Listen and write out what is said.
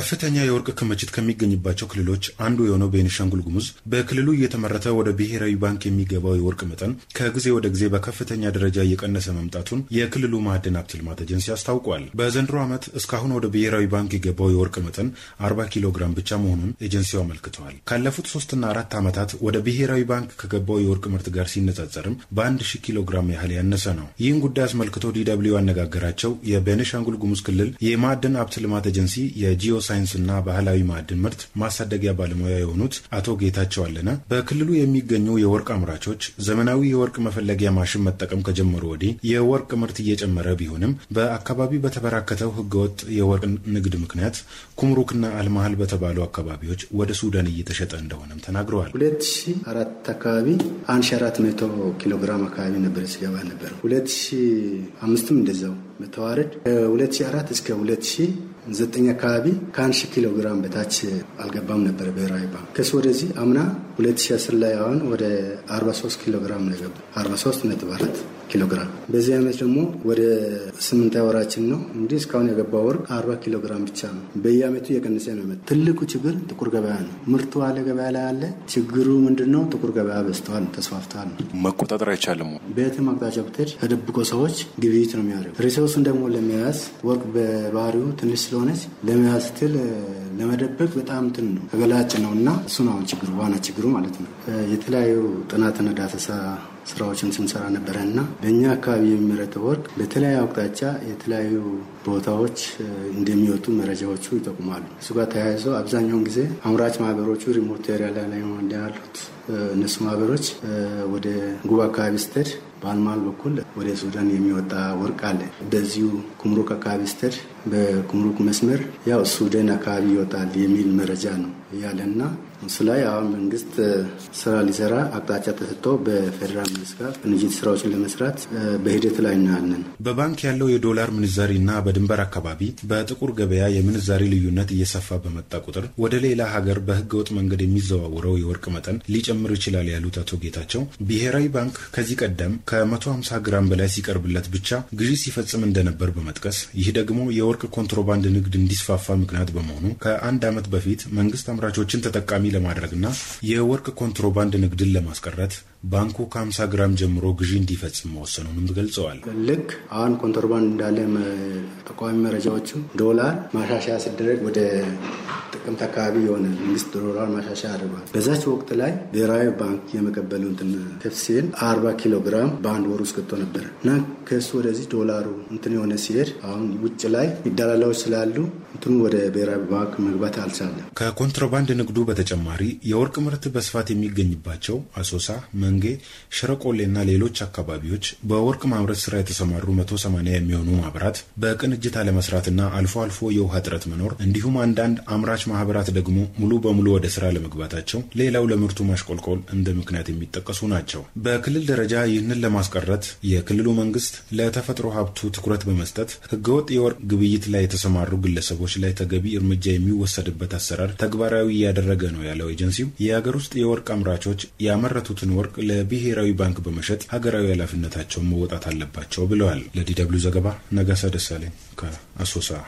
ከፍተኛ የወርቅ ክምችት ከሚገኝባቸው ክልሎች አንዱ የሆነው ቤኒሻንጉል ጉሙዝ በክልሉ እየተመረተ ወደ ብሔራዊ ባንክ የሚገባው የወርቅ መጠን ከጊዜ ወደ ጊዜ በከፍተኛ ደረጃ እየቀነሰ መምጣቱን የክልሉ ማዕድን ሀብት ልማት ኤጀንሲ አስታውቋል። በዘንድሮ ዓመት እስካሁን ወደ ብሔራዊ ባንክ የገባው የወርቅ መጠን 40 ኪሎ ግራም ብቻ መሆኑን ኤጀንሲው አመልክተዋል። ካለፉት ሶስትና አራት ዓመታት ወደ ብሔራዊ ባንክ ከገባው የወርቅ ምርት ጋር ሲነጻጸርም በ ሺህ ኪሎ ግራም ያህል ያነሰ ነው። ይህን ጉዳይ አስመልክቶ ዲ ደብልዩ ያነጋገራቸው የቤኒሻንጉል ጉሙዝ ክልል የማዕድን ሀብት ልማት ኤጀንሲ የጂኦ ሳይንስና ባህላዊ ማዕድን ምርት ማሳደጊያ ባለሙያ የሆኑት አቶ ጌታቸው አለነ በክልሉ የሚገኙ የወርቅ አምራቾች ዘመናዊ የወርቅ መፈለጊያ ማሽን መጠቀም ከጀመሩ ወዲህ የወርቅ ምርት እየጨመረ ቢሆንም በአካባቢው በተበራከተው ህገወጥ የወርቅ ንግድ ምክንያት ኩምሩክና አልመሃል በተባሉ አካባቢዎች ወደ ሱዳን እየተሸጠ እንደሆነም ተናግረዋል። ሁለት ሺ አራት አካባቢ አንድ ሺ አራት መቶ ኪሎ ግራም አካባቢ ነበር ሲገባ ነበረ። ሁለት ሺ አምስትም እንደዛው መተዋረድ ከሁለት ሺ አራት እስከ ሁለት ሺ ዘጠኝ አካባቢ ከአንድ ሺህ ኪሎ ግራም በታች አልገባም ነበር ብሔራዊ ባንክ ከሱ ወደዚህ አምና 2010 ላይ አሁን ወደ 43 ኪሎ ግራም ነው የገባ 43 ነጥብ አራት ኪሎ ግራም። በዚህ ዓመት ደግሞ ወደ ስምንት ወራችን ነው እንዲህ እስካሁን የገባ ወርቅ አርባ ኪሎ ግራም ብቻ ነው። በየአመቱ እየቀነሰ ነው መ ትልቁ ችግር ጥቁር ገበያ ነው። ምርቱ አለ ገበያ ላይ አለ። ችግሩ ምንድን ነው? ጥቁር ገበያ በዝተዋል፣ ተስፋፍተዋል ነው መቆጣጠር አይቻልም። በየትም አቅጣጫ ብትሄድ ተደብቆ ሰዎች ግብይት ነው የሚያደርጉ። ሪሶርሱን ደግሞ ለመያዝ ወርቅ በባህሪው ትንሽ ስለሆነች ለመያዝ ስትል ለመደበቅ በጣም ትን ነው ተገላጭ ነው እና እሱን አሁን ችግሩ ዋና ችግሩ ማለት ነው የተለያዩ ጥናትና ዳሰሳ ስራዎችን ስንሰራ ነበረ እና በእኛ አካባቢ የሚመረተው ወርቅ በተለያዩ አቅጣጫ የተለያዩ ቦታዎች እንደሚወጡ መረጃዎቹ ይጠቁማሉ። እሱ ጋር ተያይዞ አብዛኛውን ጊዜ አምራች ማህበሮቹ ሪሞት ኤሪያ ላይ ያሉት እነሱ ማህበሮች ወደ ጉባ አካባቢ ስተድ በአልማል በኩል ወደ ሱዳን የሚወጣ ወርቅ አለ። በዚሁ ኩምሩክ አካባቢ ስተድ በኩምሩክ መስመር ያው ሱዳን አካባቢ ይወጣል የሚል መረጃ ነው ያለና እሱ ላይ አሁን መንግስት ስራ ሊሰራ አቅጣጫ ተሰጥቶ በፌዴራል መንግስት ጋር ቅንጅት ስራዎችን ለመስራት በሂደት ላይ እናያለን። በባንክ ያለው የዶላር ምንዛሪ ና በድንበር አካባቢ በጥቁር ገበያ የምንዛሪ ልዩነት እየሰፋ በመጣ ቁጥር ወደ ሌላ ሀገር በህገወጥ መንገድ የሚዘዋውረው የወርቅ መጠን ሊጨምር ሊጨምር ይችላል ያሉት አቶ ጌታቸው ብሔራዊ ባንክ ከዚህ ቀደም ከ150 ግራም በላይ ሲቀርብለት ብቻ ግዢ ሲፈጽም እንደነበር በመጥቀስ ይህ ደግሞ የወርቅ ኮንትሮባንድ ንግድ እንዲስፋፋ ምክንያት በመሆኑ ከአንድ ዓመት በፊት መንግስት አምራቾችን ተጠቃሚ ለማድረግና የወርቅ ኮንትሮባንድ ንግድን ለማስቀረት ባንኩ ከ50 ግራም ጀምሮ ግዢ እንዲፈጽም መወሰኑንም ገልጸዋል። ልክ አሁን ኮንትሮባንድ እንዳለ ተቃዋሚ መረጃዎችም ዶላር ማሻሻያ ሲደረግ ወደ ጥቅምት አካባቢ የሆነ መንግስት ዶላር ማሻሻያ አድርጓል። በዛች ወቅት ላይ ብሔራዊ ባንክ የመቀበሉ እንትን ተፍሲል አርባ ኪሎ ግራም በአንድ ወር ውስጥ ገብቶ ነበረ እና ከሱ ወደዚህ ዶላሩ እንትን የሆነ ሲሄድ አሁን ውጭ ላይ ይደላላዎች ስላሉ እንትኑ ወደ ብሔራዊ ባንክ መግባት አልቻለም። ከኮንትሮባንድ ንግዱ በተጨማሪ የወርቅ ምርት በስፋት የሚገኝባቸው አሶሳ፣ መንጌ፣ ሸረቆሌ እና ሌሎች አካባቢዎች በወርቅ ማምረት ስራ የተሰማሩ 180 የሚሆኑ ማህበራት በቅንጅት አለመስራትና አልፎ አልፎ የውሃ እጥረት መኖር እንዲሁም አንዳንድ አምራች ማህበራት ደግሞ ሙሉ በሙሉ ወደ ስራ ለመግባታቸው ሌላው ለምርቱ ማሽቆልቆል እንደ ምክንያት የሚጠቀሱ ናቸው። በክልል ደረጃ ይህንን ለማስቀረት የክልሉ መንግስት ለተፈጥሮ ሀብቱ ትኩረት በመስጠት ህገወጥ የወርቅ ግብይት ላይ የተሰማሩ ግለሰቡ ዜጎች ላይ ተገቢ እርምጃ የሚወሰድበት አሰራር ተግባራዊ እያደረገ ነው ያለው ኤጀንሲው የሀገር ውስጥ የወርቅ አምራቾች ያመረቱትን ወርቅ ለብሔራዊ ባንክ በመሸጥ ሀገራዊ ኃላፊነታቸውን መወጣት አለባቸው ብለዋል። ለዲ ዘገባ ነጋሳ ደሳለኝ ከአሶሳ